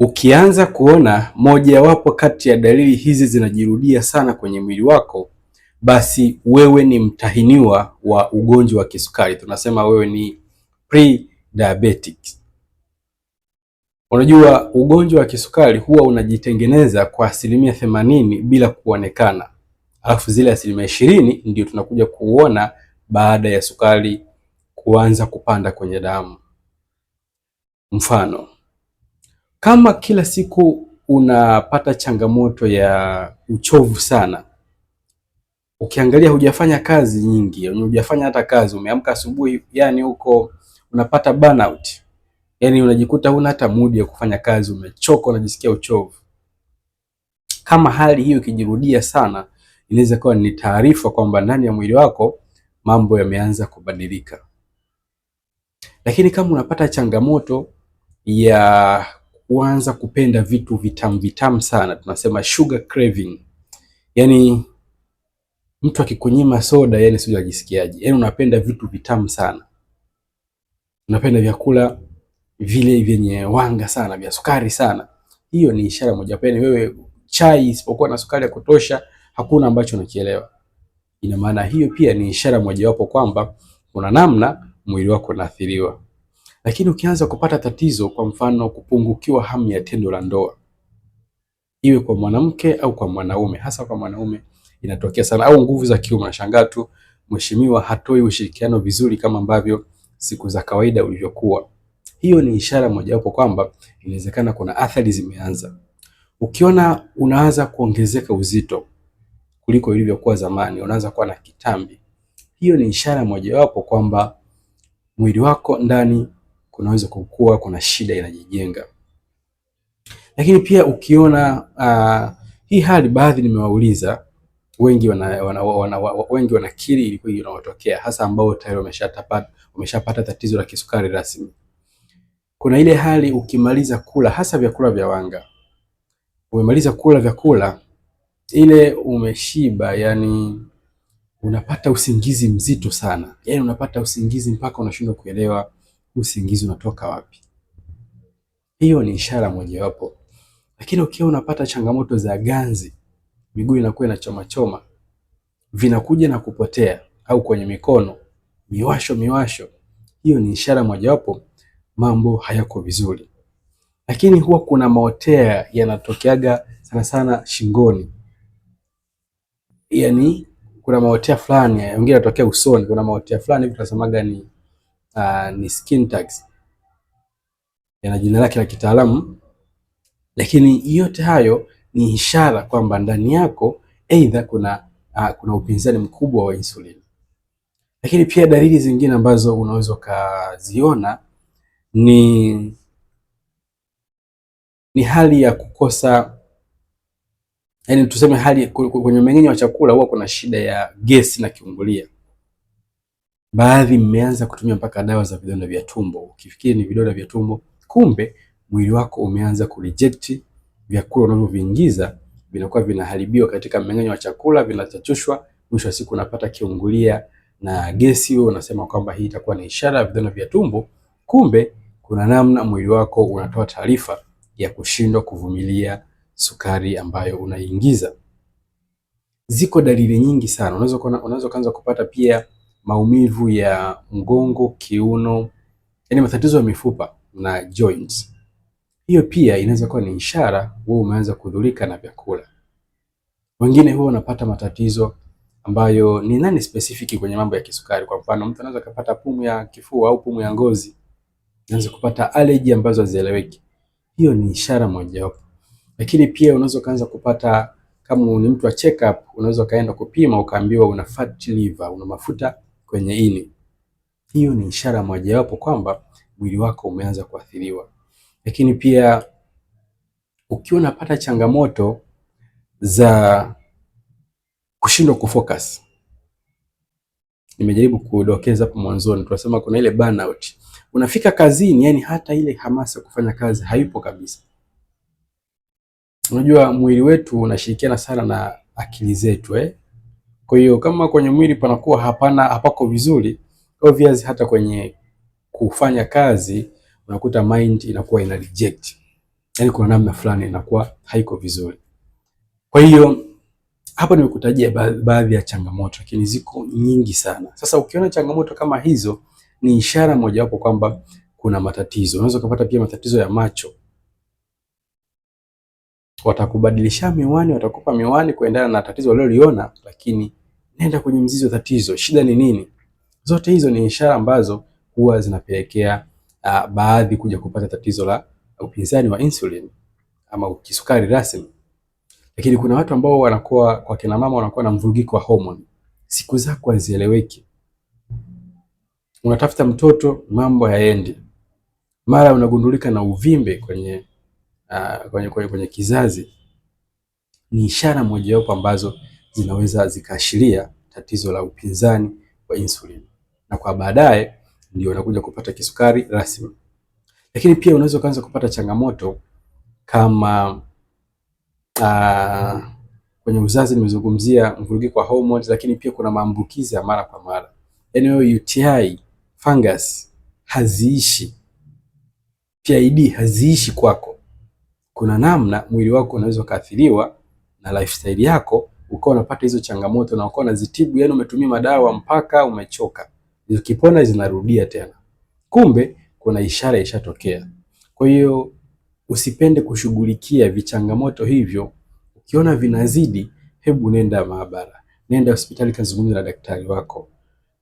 Ukianza kuona mojawapo kati ya dalili hizi zinajirudia sana kwenye mwili wako, basi wewe ni mtahiniwa wa ugonjwa wa kisukari, tunasema wewe ni pre-diabetic. Unajua ugonjwa wa kisukari huwa unajitengeneza kwa asilimia themanini bila kuonekana, alafu zile asilimia ishirini ndio tunakuja kuona baada ya sukari kuanza kupanda kwenye damu. Mfano kama kila siku unapata changamoto ya uchovu sana, ukiangalia hujafanya kazi nyingi, hujafanya hata kazi, umeamka asubuhi, yani huko unapata burnout, yani unajikuta huna hata mudi ya kufanya kazi, umechoka, unajisikia uchovu. Kama hali hiyo ikijirudia sana, inaweza kuwa ni taarifa kwamba ndani ya mwili wako mambo yameanza kubadilika. Lakini kama unapata changamoto ya huanza kupenda vitu vitamu vitamu sana, tunasema sugar craving. Yani mtu akikunyima soda, yani sio ajisikiaje? Yani unapenda vitu vitamu sana, unapenda vyakula vile vyenye wanga sana, vya sukari sana. Hiyo ni ishara moja wapo. Yaani wewe chai isipokuwa na sukari ya kutosha, hakuna ambacho unakielewa. Ina maana hiyo pia ni ishara mojawapo kwamba kuna namna mwili wako unaathiriwa. Lakini ukianza kupata tatizo, kwa mfano kupungukiwa hamu ya tendo la ndoa, iwe kwa mwanamke au kwa mwanaume, hasa kwa mwanaume inatokea sana, au nguvu za kiume. Nashangaa tu mheshimiwa hatoi ushirikiano vizuri kama ambavyo siku za kawaida ulivyokuwa. Hiyo ni ishara mojawapo kwamba inawezekana kuna athari zimeanza. Ukiona unaanza kuongezeka uzito kuliko ilivyokuwa zamani, unaanza kuwa na kitambi, hiyo ni ishara mojawapo kwamba mwili wako ndani kunaweza kukua, kuna shida inajijenga. Lakini pia ukiona uh, hii hali baadhi nimewauliza wengi wana, wana, wana, wana, wengi wanakiri ilikuwa inawatokea hasa ambao tayari wameshatapata wameshapata tatizo la kisukari rasmi. Kuna ile hali ukimaliza kula hasa vyakula vya wanga, umemaliza kula vyakula ile umeshiba, yani unapata usingizi mzito sana, yani unapata usingizi mpaka unashindwa kuelewa usingizi unatoka wapi? Hiyo ni ishara mojawapo. Lakini ukiwa unapata changamoto za ganzi, miguu inakuwa inachoma choma, vinakuja na kupotea, au kwenye mikono miwasho miwasho, hiyo ni ishara mojawapo mambo hayako vizuri. Lakini huwa kuna maotea yanatokeaga sana sana shingoni, yani kuna maotea fulani, wengine yanatokea usoni, kuna maotea fulani tunasemaga ni uh, ni skin tags, yana jina lake la kitaalamu, lakini yote hayo ni ishara kwamba ndani yako aidha kuna, uh, kuna upinzani mkubwa wa insulini. Lakini pia dalili zingine ambazo unaweza ukaziona ni, ni hali ya kukosa yani, tuseme hali kwenye mmeng'enyo wa chakula huwa kuna shida ya gesi na kiungulia Baadhi mmeanza kutumia mpaka dawa za vidonda vya tumbo, ukifikiri ni vidonda vya tumbo, kumbe mwili wako umeanza kureject vyakula unavyoviingiza, vinakuwa vinaharibiwa katika mmeng'enyo wa chakula, vinachachushwa, mwisho wa siku unapata kiungulia na gesi. Wewe unasema kwamba hii itakuwa ni ishara ya vidonda vya tumbo, kumbe kuna namna mwili wako unatoa taarifa ya kushindwa kuvumilia sukari ambayo unaingiza. Ziko dalili nyingi sana, unaweza kuanza kupata pia maumivu ya mgongo, kiuno, yani matatizo ya mifupa na joints. Hiyo pia inaweza kuwa ni ishara wewe umeanza kudhurika na vyakula. Wengine huwa wanapata matatizo ambayo ni nani specific kwenye mambo ya kisukari. Kwa mfano, mtu anaweza kupata pumu ya kifua au pumu ya ngozi, anaweza kupata allergy ambazo hazieleweki. Hiyo ni ishara mojawapo, lakini pia unaweza kuanza kupata, kama ni mtu wa check up, unaweza kaenda kupima ukaambiwa una fat liver, una mafuta kwenye ini. Hiyo ni ishara mojawapo kwamba mwili wako umeanza kuathiriwa. Lakini pia ukiwa unapata changamoto za kushindwa kufocus, nimejaribu kudokeza hapo mwanzoni, tunasema kuna ile burnout. Unafika kazini, yani hata ile hamasa kufanya kazi haipo kabisa. Unajua mwili wetu unashirikiana sana na akili zetu eh? Kwa hiyo kama kwenye mwili panakuwa hapana, hapako vizuri, obvious hata kwenye kufanya kazi unakuta mind inakuwa ina reject, yaani kuna namna fulani inakuwa haiko vizuri. Kwa hiyo hapa nimekutajia baadhi ya changamoto, lakini ziko nyingi sana. Sasa ukiona changamoto kama hizo, ni ishara mojawapo kwamba kuna matatizo. Unaweza ukapata pia matatizo ya macho watakubadilisha miwani, watakupa miwani kuendana na tatizo waliloliona, lakini nenda kwenye mzizi wa tatizo, shida ni nini? Zote hizo ni ishara ambazo huwa zinapelekea uh, baadhi kuja kupata tatizo la upinzani wa insulin ama kisukari rasmi. Lakini kuna watu ambao wanakuwa kwa kina mama wanakuwa na mvurugiko wa hormone, siku zako hazieleweki, unatafuta mtoto, mambo hayaendi, mara unagundulika na uvimbe kwenye Ah, kwenye, kwenye, kwenye kizazi ni ishara mojawapo ambazo zinaweza zikaashiria tatizo la upinzani wa insulin, na kwa baadaye ndio unakuja kupata kisukari rasmi. Lakini pia unaweza ukaanza kupata changamoto kama uh, kwenye uzazi nimezungumzia mvurugiko wa hormones, lakini pia kuna maambukizi ya mara kwa mara, yaani wewe UTI fungus haziishi, PID haziishi kwako kuna namna mwili wako unaweza ukaathiriwa na lifestyle yako ukawa unapata hizo changamoto na ukawa unazitibu, yani umetumia madawa mpaka umechoka, zikipona zinarudia tena, kumbe kuna ishara ishatokea. Kwa hiyo usipende kushughulikia vichangamoto hivyo, ukiona vinazidi, hebu nenda maabara, nenda hospitali, kazungumza na daktari wako,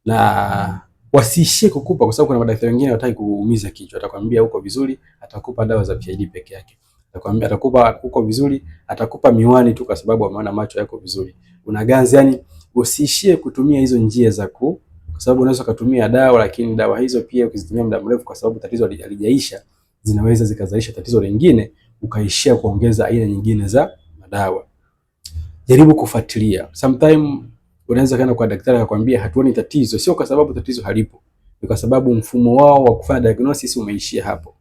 na wasiishie kukupa, kwa sababu kuna madaktari wengine hawataki kuumiza kichwa, atakwambia uko vizuri, atakupa dawa za PID peke yake. Atakwambia atakupa uko vizuri, atakupa miwani tu kwa sababu ameona macho yako vizuri. Una ganzi, yani usiishie kutumia hizo njia za ku kwa sababu unaweza kutumia dawa, lakini dawa hizo pia ukizitumia muda mrefu, kwa sababu tatizo halijaisha, zinaweza zikazalisha tatizo lingine, ukaishia kuongeza aina nyingine za madawa. Jaribu kufuatilia. Sometime unaweza kwenda kwa daktari akakwambia hatuoni tatizo, sio kwa sababu tatizo halipo, ni kwa sababu mfumo wao wa kufanya diagnosis umeishia hapo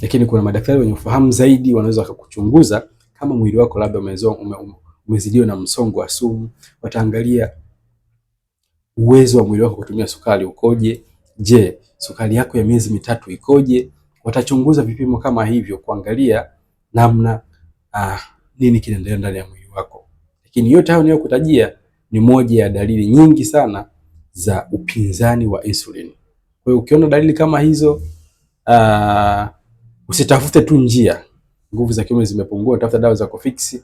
lakini kuna madaktari wenye ufahamu zaidi wanaweza wakakuchunguza kama mwili wako labda umezidiwa na msongo wa sumu. Wataangalia uwezo wa mwili wako kutumia sukari ukoje. Je, sukari yako ya miezi mitatu ikoje? Watachunguza vipimo kama hivyo kuangalia namna ah, nini kinaendelea ndani ya mwili wako. Lakini yote hayo ninayokutajia ni moja ya dalili nyingi sana za upinzani wa insulini. Kwa hiyo ukiona dalili kama hizo ah, Usitafute tu njia, nguvu za kiume zimepungua, tafuta dawa za kufix.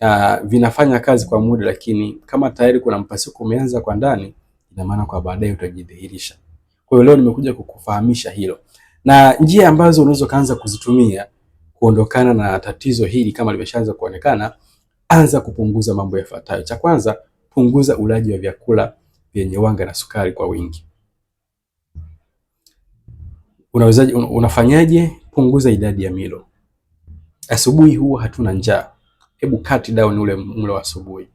Uh, vinafanya kazi kwa muda, lakini kama tayari kuna mpasuko umeanza kwa ndani, ina maana kwa baadaye utajidhihirisha. Kwa hiyo leo nimekuja kukufahamisha hilo na njia ambazo unaweza kaanza kuzitumia kuondokana na tatizo hili kama limeshaanza kuonekana. Anza kupunguza mambo yafuatayo. Cha kwanza, punguza ulaji wa vyakula vyenye wanga na sukari kwa wingi. Unawezaje? Unafanyaje? punguza idadi ya milo. Asubuhi huwa hatuna njaa, hebu cut down ule mlo wa asubuhi,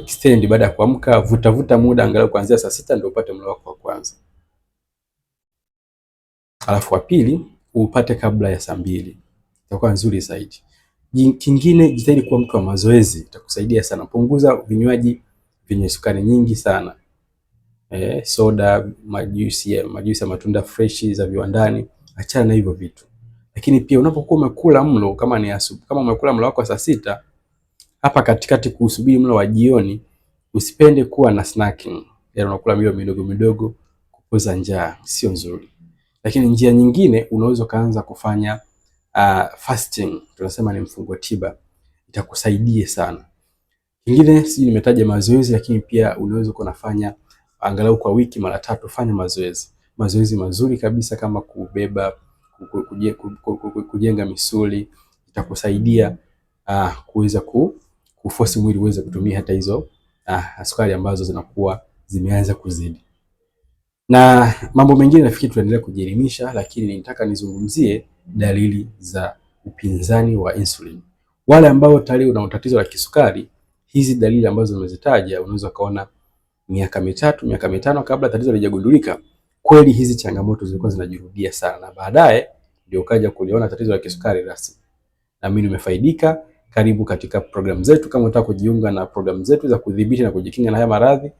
extend baada ya kuamka, vuta vuta muda angalau kuanzia saa sita ndio upate mlo wako wa kwanza, alafu wa pili upate kabla ya saa mbili, itakuwa nzuri zaidi. Kingine, jitahidi kuwa mtu wa mazoezi, itakusaidia sana. Punguza vinywaji vyenye sukari nyingi sana, eh, soda, majuisi, majuisi ya matunda freshi za viwandani achana na hivyo vitu. Lakini pia unapokuwa umekula mlo kama ni asubuhi, kama umekula mlo wako saa sita, hapa katikati kusubiri mlo wa jioni, usipende kuwa na snacking, yaani unakula milo midogo midogo kupoza njaa, sio nzuri. Lakini njia nyingine unaweza kaanza kufanya uh, fasting, tunasema ni mfungo tiba, itakusaidia sana. Kingine si nimetaja mazoezi, lakini pia unaweza kunafanya angalau kwa wiki mara tatu, fanya mazoezi mazoezi mazuri kabisa kama kubeba, kujenga misuli, itakusaidia uh, kuweza ku, kuforce mwili uweze kutumia hata hizo uh, sukari ambazo zinakuwa zimeanza kuzidi. Na mambo mengine nafikiri tunaendelea kujielimisha, lakini nitaka nizungumzie dalili za upinzani wa insulin. Wale ambao tayari una tatizo la kisukari, hizi dalili ambazo nimezitaja unaweza kaona miaka mitatu miaka mitano kabla tatizo lijagundulika kweli hizi changamoto zilikuwa zinajirudia sana, na baadaye ndio ukaja kuliona tatizo la kisukari rasmi, na mimi nimefaidika. Karibu katika programu zetu. Kama unataka kujiunga na programu zetu za kudhibiti na kujikinga na haya maradhi,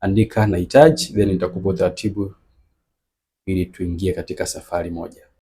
andika nahitaji, then nitakupa utaratibu ili tuingie katika safari moja.